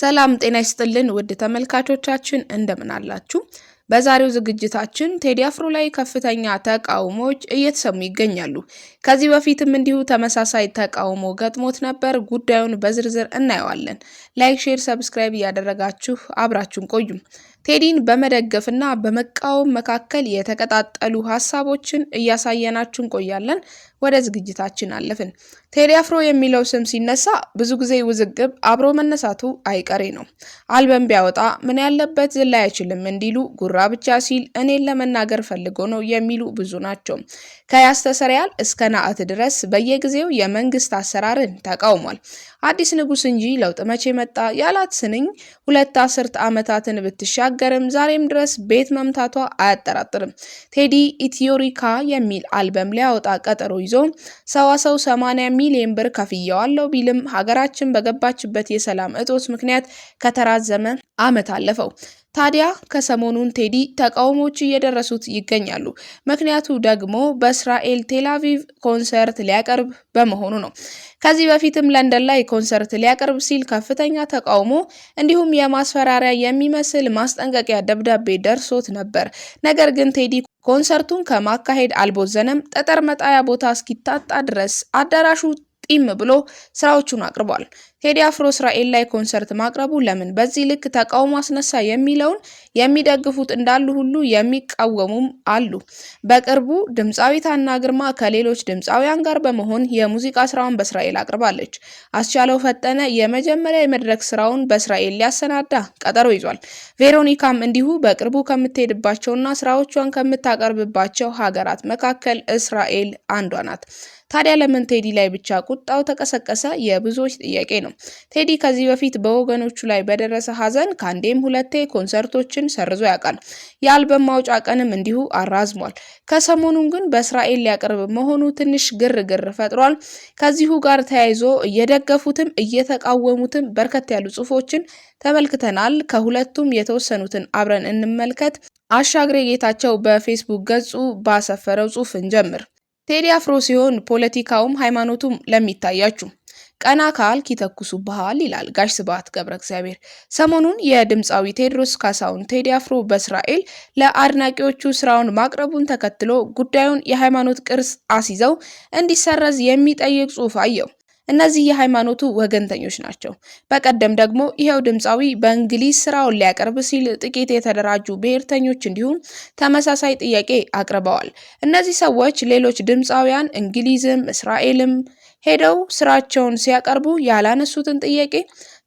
ሰላም ጤና ይስጥልን ውድ ተመልካቾቻችን እንደምን አላችሁ? በዛሬው ዝግጅታችን ቴዲ አፍሮ ላይ ከፍተኛ ተቃውሞዎች እየተሰሙ ይገኛሉ። ከዚህ በፊትም እንዲሁ ተመሳሳይ ተቃውሞ ገጥሞት ነበር። ጉዳዩን በዝርዝር እናየዋለን። ላይክ፣ ሼር፣ ሰብስክራይብ እያደረጋችሁ አብራችሁን ቆዩም። ቴዲን በመደገፍና በመቃወም መካከል የተቀጣጠሉ ሀሳቦችን እያሳየናችሁ እንቆያለን። ወደ ዝግጅታችን አለፍን። ቴዲ አፍሮ የሚለው ስም ሲነሳ ብዙ ጊዜ ውዝግብ አብሮ መነሳቱ አይቀሬ ነው። አልበም ቢያወጣ ምን ያለበት ዝላይ አይችልም እንዲሉ፣ ጉራ ብቻ ሲል እኔን ለመናገር ፈልጎ ነው የሚሉ ብዙ ናቸው። ከያስተሰርያል እስከ ናአት ድረስ በየጊዜው የመንግስት አሰራርን ተቃውሟል። አዲስ ንጉስ እንጂ ለውጥ መቼ መጣ ያላት ስንኝ ሁለት አስርት ዓመታትን ብትሻገርም ዛሬም ድረስ ቤት መምታቷ አያጠራጥርም። ቴዲ ኢትዮሪካ የሚል አልበም ሊያወጣ ቀጠሮ ይዞ ሰዋሰው 80 ሚሊዮን ብር ከፍየዋለው ቢልም ሀገራችን በገባችበት የሰላም እጦት ምክንያት ከተራዘመ ዓመት አለፈው። ታዲያ ከሰሞኑን ቴዲ ተቃውሞዎች እየደረሱት ይገኛሉ። ምክንያቱ ደግሞ በእስራኤል ቴላቪቭ ኮንሰርት ሊያቀርብ በመሆኑ ነው። ከዚህ በፊትም ለንደን ላይ ኮንሰርት ሊያቀርብ ሲል ከፍተኛ ተቃውሞ እንዲሁም የማስፈራሪያ የሚመስል ማስጠንቀቂያ ደብዳቤ ደርሶት ነበር። ነገር ግን ቴዲ ኮንሰርቱን ከማካሄድ አልቦዘነም። ጠጠር መጣያ ቦታ እስኪታጣ ድረስ አዳራሹ ጢም ብሎ ስራዎቹን አቅርቧል። ቴዲ አፍሮ እስራኤል ላይ ኮንሰርት ማቅረቡ ለምን በዚህ ልክ ተቃውሞ አስነሳ የሚለውን የሚደግፉት እንዳሉ ሁሉ የሚቃወሙም አሉ። በቅርቡ ድምፃዊት ሀና ግርማ ከሌሎች ድምፃውያን ጋር በመሆን የሙዚቃ ስራውን በእስራኤል አቅርባለች። አስቻለው ፈጠነ የመጀመሪያ የመድረክ ስራውን በእስራኤል ሊያሰናዳ ቀጠሮ ይዟል። ቬሮኒካም እንዲሁ በቅርቡ ከምትሄድባቸውና ስራዎቿን ከምታቀርብባቸው ሀገራት መካከል እስራኤል አንዷ ናት። ታዲያ ለምን ቴዲ ላይ ብቻ ቁጣው ተቀሰቀሰ? የብዙዎች ጥያቄ ነው። ነው። ቴዲ ከዚህ በፊት በወገኖቹ ላይ በደረሰ ሀዘን ከአንዴም ሁለቴ ኮንሰርቶችን ሰርዞ ያውቃል። የአልበም ማውጫ ቀንም እንዲሁ አራዝሟል። ከሰሞኑን ግን በእስራኤል ሊያቀርብ መሆኑ ትንሽ ግርግር ፈጥሯል። ከዚሁ ጋር ተያይዞ እየደገፉትም እየተቃወሙትም በርከት ያሉ ጽሁፎችን ተመልክተናል። ከሁለቱም የተወሰኑትን አብረን እንመልከት። አሻግሬ ጌታቸው በፌስቡክ ገጹ ባሰፈረው ጽሁፍ እንጀምር። ቴዲ አፍሮ ሲሆን ፖለቲካውም ሃይማኖቱም ለሚታያችሁ ቀና ካልክ ይተኩሱብሃል ይላል ጋሽ ስብሐት ገብረ እግዚአብሔር። ሰሞኑን የድምፃዊ ቴዎድሮስ ካሳሁን ቴዲ አፍሮ በእስራኤል ለአድናቂዎቹ ስራውን ማቅረቡን ተከትሎ ጉዳዩን የሃይማኖት ቅርስ አስይዘው እንዲሰረዝ የሚጠይቅ ጽሑፍ አየው። እነዚህ የሃይማኖቱ ወገንተኞች ናቸው። በቀደም ደግሞ ይኸው ድምፃዊ በእንግሊዝ ስራውን ሊያቀርብ ሲል ጥቂት የተደራጁ ብሔርተኞች እንዲሁም ተመሳሳይ ጥያቄ አቅርበዋል። እነዚህ ሰዎች ሌሎች ድምፃውያን እንግሊዝም እስራኤልም ሄደው ስራቸውን ሲያቀርቡ ያላነሱትን ጥያቄ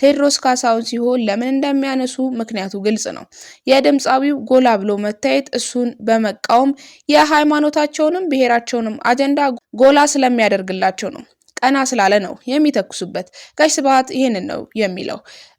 ቴዎድሮስ ካሳሁን ሲሆን ለምን እንደሚያነሱ ምክንያቱ ግልጽ ነው። የድምፃዊው ጎላ ብሎ መታየት እሱን በመቃወም የሃይማኖታቸውንም ብሔራቸውንም አጀንዳ ጎላ ስለሚያደርግላቸው ነው። ቀና ስላለ ነው የሚተኩሱበት። ጋሽ ስብሐት ይህንን ነው የሚለው።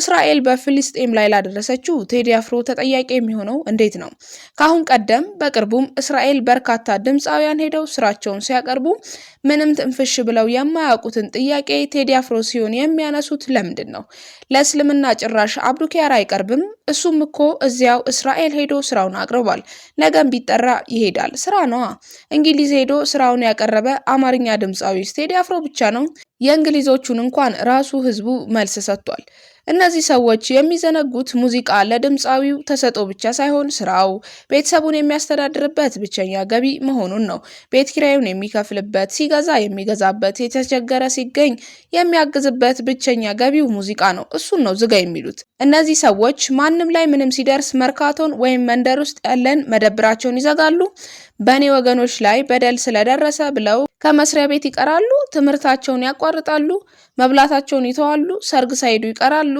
እስራኤል በፍልስጤም ላይ ላደረሰችው ቴዲ አፍሮ ተጠያቂ የሚሆነው እንዴት ነው? ከአሁን ቀደም በቅርቡም እስራኤል በርካታ ድምፃውያን ሄደው ስራቸውን ሲያቀርቡ ምንም ትንፍሽ ብለው የማያውቁትን ጥያቄ ቴዲ አፍሮ ሲሆን የሚያነሱት ለምንድን ነው? ለእስልምና ጭራሽ አብዱኪያር አይቀርብም። እሱም እኮ እዚያው እስራኤል ሄዶ ስራውን አቅርቧል። ነገም ቢጠራ ይሄዳል። ስራ ነዋ። እንግሊዝ ሄዶ ስራውን ያቀረበ አማርኛ ድምፃዊ ቴዲ አፍሮ ብቻ ነው። የእንግሊዞቹን እንኳን ራሱ ህዝቡ መልስ ሰጥቷል። እነዚህ ሰዎች የሚዘነጉት ሙዚቃ ለድምፃዊው ተሰጥኦ ብቻ ሳይሆን ስራው ቤተሰቡን የሚያስተዳድርበት ብቸኛ ገቢ መሆኑን ነው። ቤት ኪራዩን የሚከፍልበት፣ ሲገዛ የሚገዛበት፣ የተቸገረ ሲገኝ የሚያግዝበት ብቸኛ ገቢው ሙዚቃ ነው። እሱን ነው ዝጋ የሚሉት እነዚህ ሰዎች። ማንም ላይ ምንም ሲደርስ መርካቶን ወይም መንደር ውስጥ ያለን መደብራቸውን ይዘጋሉ። በእኔ ወገኖች ላይ በደል ስለደረሰ ብለው ከመስሪያ ቤት ይቀራሉ፣ ትምህርታቸውን ያቋርጣሉ፣ መብላታቸውን ይተዋሉ፣ ሰርግ ሳይሄዱ ይቀራሉ፣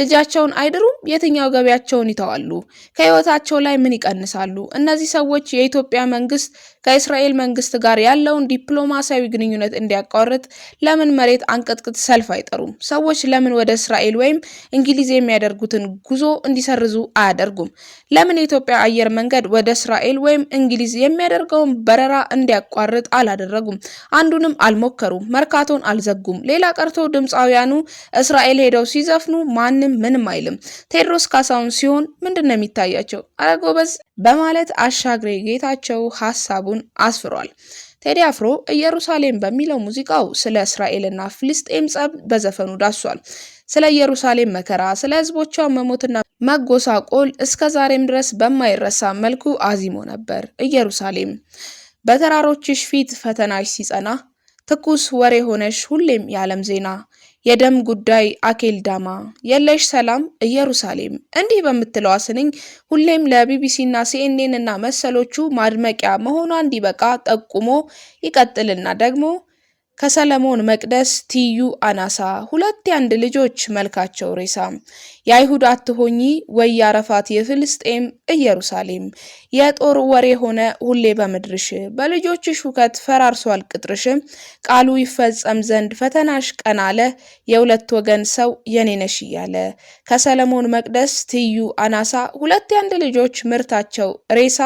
ልጃቸውን አይድሩም፣ የትኛው ገቢያቸውን ይተዋሉ፣ ከህይወታቸው ላይ ምን ይቀንሳሉ? እነዚህ ሰዎች የኢትዮጵያ መንግስት ከእስራኤል መንግስት ጋር ያለውን ዲፕሎማሲያዊ ግንኙነት እንዲያቋርጥ ለምን መሬት አንቀጥቅጥ ሰልፍ አይጠሩም? ሰዎች ለምን ወደ እስራኤል ወይም እንግሊዝ የሚያደርጉትን ጉዞ እንዲሰርዙ አያደርጉም? ለምን የኢትዮጵያ አየር መንገድ ወደ እስራኤል ወይም እንግሊዝ የሚያደርገውን በረራ እንዲያቋርጥ አላደረጉም። አንዱንም አልሞከሩም። መርካቶን አልዘጉም። ሌላ ቀርቶ ድምፃውያኑ እስራኤል ሄደው ሲዘፍኑ ማንም ምንም አይልም። ቴድሮስ ካሳሁን ሲሆን ምንድን ነው የሚታያቸው? አረ ጎበዝ በማለት አሻግሬ ጌታቸው ሀሳቡን አስፍሯል። ቴዲ አፍሮ ኢየሩሳሌም በሚለው ሙዚቃው ስለ እስራኤልና ፍልስጤም ጸብ በዘፈኑ ዳሷል። ስለ ኢየሩሳሌም መከራ፣ ስለ ህዝቦቿ መሞትና መጎሳቆል እስከ ዛሬም ድረስ በማይረሳ መልኩ አዚሞ ነበር። ኢየሩሳሌም በተራሮችሽ ፊት ፈተናሽ ሲጸና፣ ትኩስ ወሬ ሆነሽ ሁሌም የዓለም ዜና የደም ጉዳይ አኬልዳማ የለሽ ሰላም ኢየሩሳሌም እንዲህ በምትለዋ ስንኝ ሁሌም ለቢቢሲና ሲኤንኤን እና መሰሎቹ ማድመቂያ መሆኗ እንዲበቃ ጠቁሞ ይቀጥልና ደግሞ ከሰለሞን መቅደስ ትይዩ አናሳ ሁለት የአንድ ልጆች መልካቸው ሬሳ የአይሁድ አትሆኚ ወይ አረፋት የፍልስጤም ኢየሩሳሌም የጦር ወሬ ሆነ ሁሌ በምድርሽ በልጆችሽ ሁከት ፈራርሷል ቅጥርሽ ቃሉ ይፈጸም ዘንድ ፈተናሽ ቀን አለ የሁለት ወገን ሰው የኔነሽ እያለ ከሰለሞን መቅደስ ትይዩ አናሳ ሁለት የአንድ ልጆች ምርታቸው ሬሳ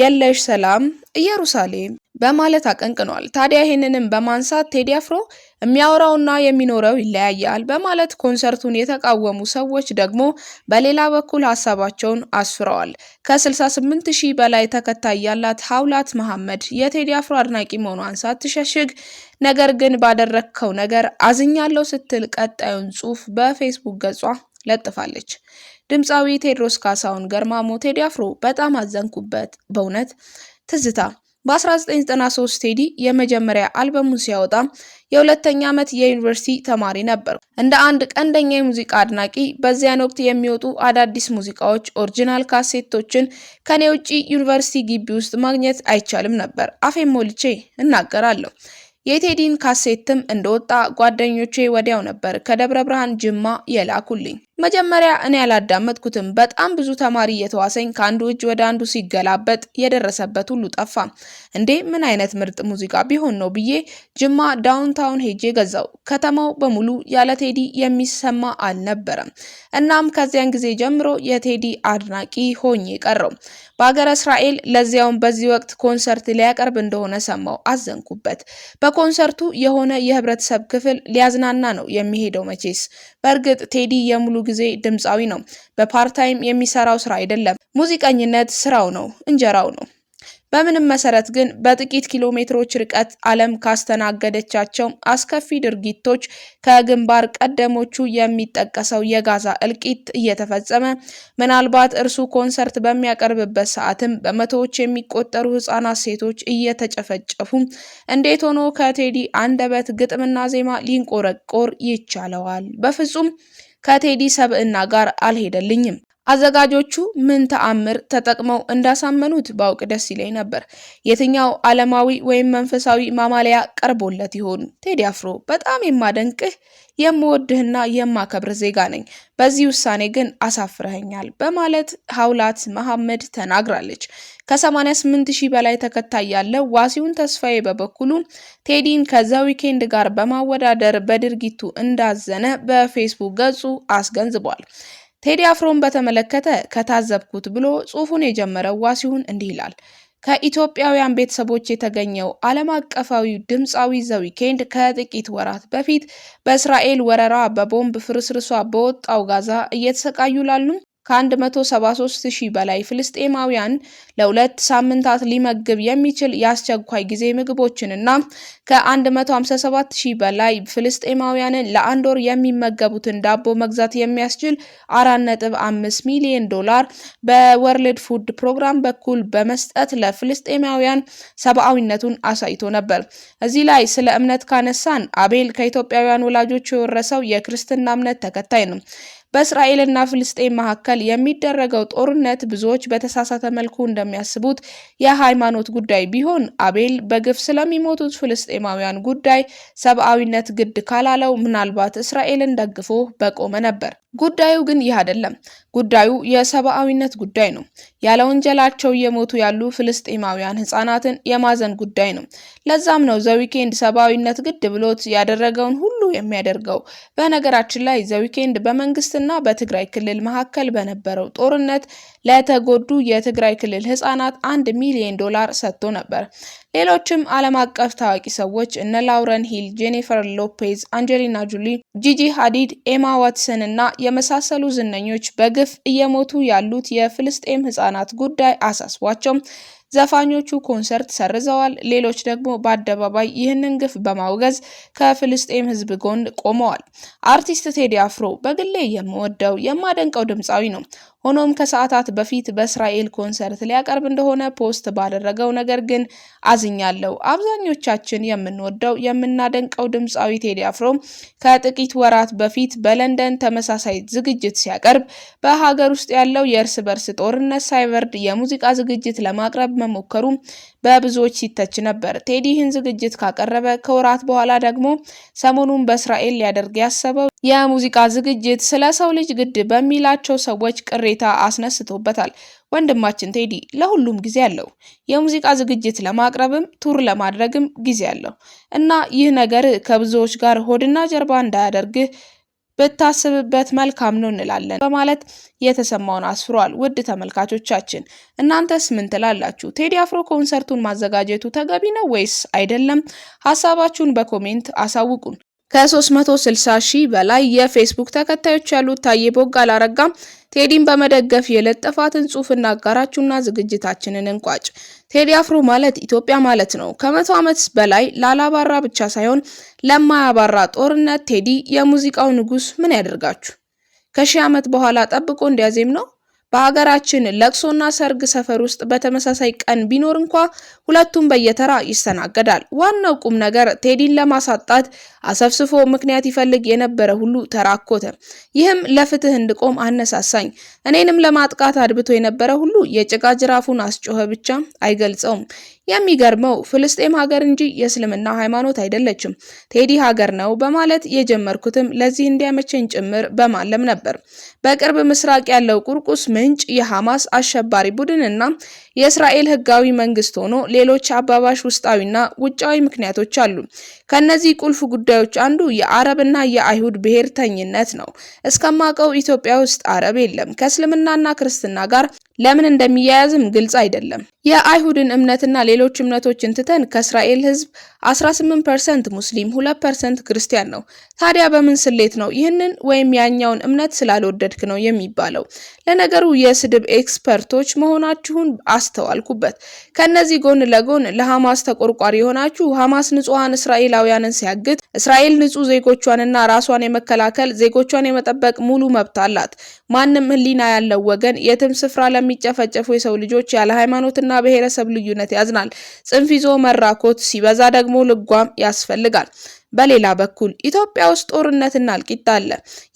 የለሽ ሰላም ኢየሩሳሌም በማለት አቀንቅኗል። ታዲያ ይህንንም በማንሳት ቴዲ አፍሮ የሚያወራውና የሚኖረው ይለያያል በማለት ኮንሰርቱን የተቃወሙ ሰዎች ደግሞ በሌላ በኩል ሀሳባቸውን አስፍረዋል። ከ68 ሺህ በላይ ተከታይ ያላት ሀውላት መሐመድ የቴዲ አፍሮ አድናቂ መሆኗን ሳትሸሽግ ነገር ግን ባደረግከው ነገር አዝኛለሁ ስትል ቀጣዩን ጽሑፍ በፌስቡክ ገጿ ለጥፋለች። ድምፃዊ ቴድሮስ ካሳሁን ገርማሞ ቴዲ አፍሮ በጣም አዘንኩበት፣ በእውነት ትዝታ በ1993 ቴዲ የመጀመሪያ አልበሙን ሲያወጣ የሁለተኛ ዓመት የዩኒቨርሲቲ ተማሪ ነበር። እንደ አንድ ቀንደኛ የሙዚቃ አድናቂ በዚያን ወቅት የሚወጡ አዳዲስ ሙዚቃዎች ኦሪጂናል ካሴቶችን ከኔ ውጪ ዩኒቨርሲቲ ግቢ ውስጥ ማግኘት አይቻልም ነበር። አፌን ሞልቼ እናገራለሁ። የቴዲን ካሴትም እንደወጣ ጓደኞቼ ወዲያው ነበር ከደብረ ብርሃን ጅማ የላኩልኝ። መጀመሪያ እኔ ያላዳመጥኩትም በጣም ብዙ ተማሪ እየተዋሰኝ ከአንዱ እጅ ወደ አንዱ ሲገላበጥ የደረሰበት ሁሉ ጠፋ። እንዴ ምን አይነት ምርጥ ሙዚቃ ቢሆን ነው ብዬ ጅማ ዳውንታውን ሄጄ ገዛው። ከተማው በሙሉ ያለ ቴዲ የሚሰማ አልነበረም። እናም ከዚያን ጊዜ ጀምሮ የቴዲ አድናቂ ሆኜ ቀረው። በሀገረ እስራኤል ለዚያውም በዚህ ወቅት ኮንሰርት ሊያቀርብ እንደሆነ ሰማው፣ አዘንኩበት። በኮንሰርቱ የሆነ የህብረተሰብ ክፍል ሊያዝናና ነው የሚሄደው መቼስ። በእርግጥ ቴዲ የሙሉ ጊዜ ድምፃዊ ነው። በፓርታይም የሚሰራው ስራ አይደለም። ሙዚቀኝነት ስራው ነው፣ እንጀራው ነው። በምንም መሰረት ግን በጥቂት ኪሎ ሜትሮች ርቀት ዓለም ካስተናገደቻቸው አስከፊ ድርጊቶች ከግንባር ቀደሞቹ የሚጠቀሰው የጋዛ እልቂት እየተፈጸመ ምናልባት እርሱ ኮንሰርት በሚያቀርብበት ሰዓትም በመቶዎች የሚቆጠሩ ህጻናት ሴቶች እየተጨፈጨፉ እንዴት ሆኖ ከቴዲ አንደበት ግጥምና ዜማ ሊንቆረቆር ይቻለዋል? በፍጹም ከቴዲ ሰብዕና ጋር አልሄደልኝም። አዘጋጆቹ ምን ተአምር ተጠቅመው እንዳሳመኑት ባውቅ ደስ ይለኝ ነበር። የትኛው ዓለማዊ ወይም መንፈሳዊ ማማለያ ቀርቦለት ይሆን? ቴዲ አፍሮ በጣም የማደንቅህ የምወድህና የማከብር ዜጋ ነኝ፣ በዚህ ውሳኔ ግን አሳፍረኸኛል በማለት ሀውላት መሐመድ ተናግራለች። ከ88 ሺህ በላይ ተከታይ ያለው ዋሲውን ተስፋዬ በበኩሉ ቴዲን ከዛ ዊኬንድ ጋር በማወዳደር በድርጊቱ እንዳዘነ በፌስቡክ ገጹ አስገንዝቧል። ቴዲ አፍሮን በተመለከተ ከታዘብኩት ብሎ ጽሑፉን የጀመረው ዋሲሁን እንዲህ ይላል። ከኢትዮጵያውያን ቤተሰቦች የተገኘው ዓለም አቀፋዊ ድምፃዊ ዘ ከጥቂት ወራት በፊት በእስራኤል ወረራ በቦምብ ፍርስርሷ በወጣው ጋዛ እየተሰቃዩ ላሉም ከ173 ሺህ በላይ ፍልስጤማውያን ለሁለት ሳምንታት ሊመግብ የሚችል የአስቸኳይ ጊዜ ምግቦችንና ከ157 ሺህ በላይ ፍልስጤማውያንን ለአንድ ወር የሚመገቡትን ዳቦ መግዛት የሚያስችል 4.5 ሚሊዮን ዶላር በወርልድ ፉድ ፕሮግራም በኩል በመስጠት ለፍልስጤማውያን ሰብአዊነቱን አሳይቶ ነበር። እዚህ ላይ ስለ እምነት ካነሳን አቤል ከኢትዮጵያውያን ወላጆች የወረሰው የክርስትና እምነት ተከታይ ነው። በእስራኤልና ፍልስጤን መካከል የሚደረገው ጦርነት ብዙዎች በተሳሳተ መልኩ እንደሚያስቡት የሃይማኖት ጉዳይ ቢሆን አቤል በግፍ ስለሚሞቱት ፍልስጤማውያን ጉዳይ ሰብአዊነት ግድ ካላለው ምናልባት እስራኤልን ደግፎ በቆመ ነበር። ጉዳዩ ግን ይህ አይደለም። ጉዳዩ የሰብአዊነት ጉዳይ ነው። ያለ ወንጀላቸው እየሞቱ ያሉ ፍልስጤማውያን ህጻናትን የማዘን ጉዳይ ነው። ለዛም ነው ዘዊኬንድ ሰብአዊነት ግድ ብሎት ያደረገውን ሁሉ የሚያደርገው። በነገራችን ላይ ዘዊኬንድ በመንግስትና በትግራይ ክልል መካከል በነበረው ጦርነት ለተጎዱ የትግራይ ክልል ህጻናት አንድ ሚሊዮን ዶላር ሰጥቶ ነበር። ሌሎችም ዓለም አቀፍ ታዋቂ ሰዎች እነ ላውረን ሂል፣ ጄኒፈር ሎፔዝ፣ አንጀሊና ጁሊ፣ ጂጂ ሀዲድ፣ ኤማ ዋትሰን እና የመሳሰሉ ዝነኞች በግፍ እየሞቱ ያሉት የፍልስጤም ህጻናት ጉዳይ አሳስቧቸው ዘፋኞቹ ኮንሰርት ሰርዘዋል፣ ሌሎች ደግሞ በአደባባይ ይህንን ግፍ በማውገዝ ከፍልስጤም ህዝብ ጎን ቆመዋል። አርቲስት ቴዲ አፍሮ በግሌ የምወደው የማደንቀው ድምፃዊ ነው። ሆኖም ከሰዓታት በፊት በእስራኤል ኮንሰርት ሊያቀርብ እንደሆነ ፖስት ባደረገው ነገር ግን አዝኛለሁ። አብዛኞቻችን የምንወደው የምናደንቀው ድምፃዊ ቴዲ አፍሮ ከጥቂት ወራት በፊት በለንደን ተመሳሳይ ዝግጅት ሲያቀርብ በሀገር ውስጥ ያለው የእርስ በርስ ጦርነት ሳይበርድ የሙዚቃ ዝግጅት ለማቅረብ መሞከሩ በብዙዎች ሲተች ነበር። ቴዲ ይህን ዝግጅት ካቀረበ ከወራት በኋላ ደግሞ ሰሞኑን በእስራኤል ሊያደርግ ያሰበው የሙዚቃ ዝግጅት ስለ ሰው ልጅ ግድ በሚላቸው ሰዎች ቅሬታ አስነስቶበታል። ወንድማችን ቴዲ ለሁሉም ጊዜ አለው። የሙዚቃ ዝግጅት ለማቅረብም ቱር ለማድረግም ጊዜ አለው እና ይህ ነገር ከብዙዎች ጋር ሆድና ጀርባ እንዳያደርግህ ብታስብበት መልካም ነው እንላለን በማለት የተሰማውን አስፍሯል። ውድ ተመልካቾቻችን እናንተስ ምን ትላላችሁ? ቴዲ አፍሮ ኮንሰርቱን ማዘጋጀቱ ተገቢ ነው ወይስ አይደለም? ሀሳባችሁን በኮሜንት አሳውቁን። ከ360 ሺህ በላይ የፌስቡክ ተከታዮች ያሉት ታዬ ቦጋለ አረጋ ቴዲን በመደገፍ የለጠፋትን ጽሑፍ እናጋራችሁና ዝግጅታችንን እንቋጭ። ቴዲ አፍሮ ማለት ኢትዮጵያ ማለት ነው። ከመቶ ዓመት በላይ ላላባራ ብቻ ሳይሆን ለማያባራ ጦርነት ቴዲ የሙዚቃው ንጉስ ምን ያደርጋችሁ? ከሺህ ዓመት በኋላ ጠብቆ እንዲያዜም ነው። በሀገራችን ለቅሶና ሰርግ ሰፈር ውስጥ በተመሳሳይ ቀን ቢኖር እንኳ ሁለቱም በየተራ ይስተናገዳል። ዋናው ቁም ነገር ቴዲን ለማሳጣት አሰፍስፎ ምክንያት ይፈልግ የነበረ ሁሉ ተራኮተ። ይህም ለፍትህ እንድቆም አነሳሳኝ። እኔንም ለማጥቃት አድብቶ የነበረ ሁሉ የጭቃ ጅራፉን አስጮኸ ብቻ አይገልጸውም። የሚገርመው ፍልስጤም ሀገር እንጂ የእስልምና ሃይማኖት አይደለችም፣ ቴዲ ሀገር ነው በማለት የጀመርኩትም ለዚህ እንዲያመቸኝ ጭምር በማለም ነበር። በቅርብ ምስራቅ ያለው ቁርቁስ ምንጭ የሐማስ አሸባሪ ቡድን የእስራኤል ህጋዊ መንግስት ሆኖ ሌሎች አባባሽ ውስጣዊና ውጫዊ ምክንያቶች አሉ። ከነዚህ ቁልፍ ጉዳዮች አንዱ የአረብና የአይሁድ ብሔርተኝነት ነው። እስከማውቀው ኢትዮጵያ ውስጥ አረብ የለም። ከእስልምናና ክርስትና ጋር ለምን እንደሚያያዝም ግልጽ አይደለም። የአይሁድን እምነትና ሌሎች እምነቶችን ትተን ከእስራኤል ህዝብ 18 ፐርሰንት ሙስሊም፣ 2 ፐርሰንት ክርስቲያን ነው። ታዲያ በምን ስሌት ነው ይህንን ወይም ያኛውን እምነት ስላልወደድክ ነው የሚባለው? ለነገሩ የስድብ ኤክስፐርቶች መሆናችሁን አስተዋልኩበት። ከነዚህ ጎን ለጎን ለሐማስ ተቆርቋሪ የሆናችሁ ሐማስ ንጹሐን እስራኤላውያንን ሲያግት እስራኤል ንጹህ ዜጎቿንና ራሷን የመከላከል ዜጎቿን የመጠበቅ ሙሉ መብት አላት። ማንም ህሊና ያለው ወገን የትም ስፍራ ለሚጨፈጨፉ የሰው ልጆች ያለ ሃይማኖትና ብሔረሰብ ልዩነት ያዝናል። ጽንፍ ይዞ መራኮት ሲበዛ ደግሞ ልጓም ያስፈልጋል። በሌላ በኩል ኢትዮጵያ ውስጥ ጦርነትና እልቂት አለ።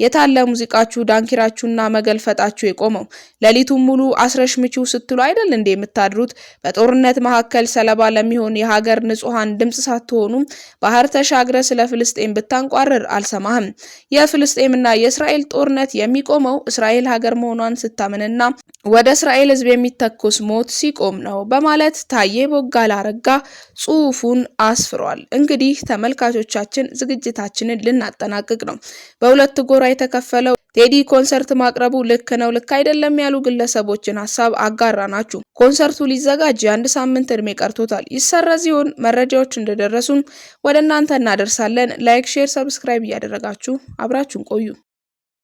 የታለ ሙዚቃችሁ፣ ዳንኪራችሁና መገልፈጣችሁ የቆመው? ሌሊቱን ሙሉ አስረሽምቹ ስትሉ አይደል እንዴ የምታድሩት? በጦርነት መካከል ሰለባ ለሚሆን የሀገር ንጹሐን ድምፅ ሳትሆኑም ባህር ተሻግረ ስለ ፍልስጤም ብታንቋርር አልሰማህም። የፍልስጤምና የእስራኤል ጦርነት የሚቆመው እስራኤል ሀገር መሆኗን ስታምንና ወደ እስራኤል ህዝብ የሚተኮስ ሞት ሲቆም ነው በማለት ታዬ ቦጋለ አረጋ ጽሁፉን አስፍሯል። እንግዲህ ተመልካቾቻችን ዝግጅታችን ዝግጅታችንን ልናጠናቅቅ ነው። በሁለት ጎራ የተከፈለው ቴዲ ኮንሰርት ማቅረቡ ልክ ነው፣ ልክ አይደለም ያሉ ግለሰቦችን ሀሳብ አጋራ ናችሁ። ኮንሰርቱ ሊዘጋጅ የአንድ ሳምንት እድሜ ቀርቶታል። ይሰረዝ ይሆን? መረጃዎች እንደደረሱን ወደ እናንተ እናደርሳለን። ላይክ፣ ሼር፣ ሰብስክራይብ እያደረጋችሁ አብራችሁን ቆዩ።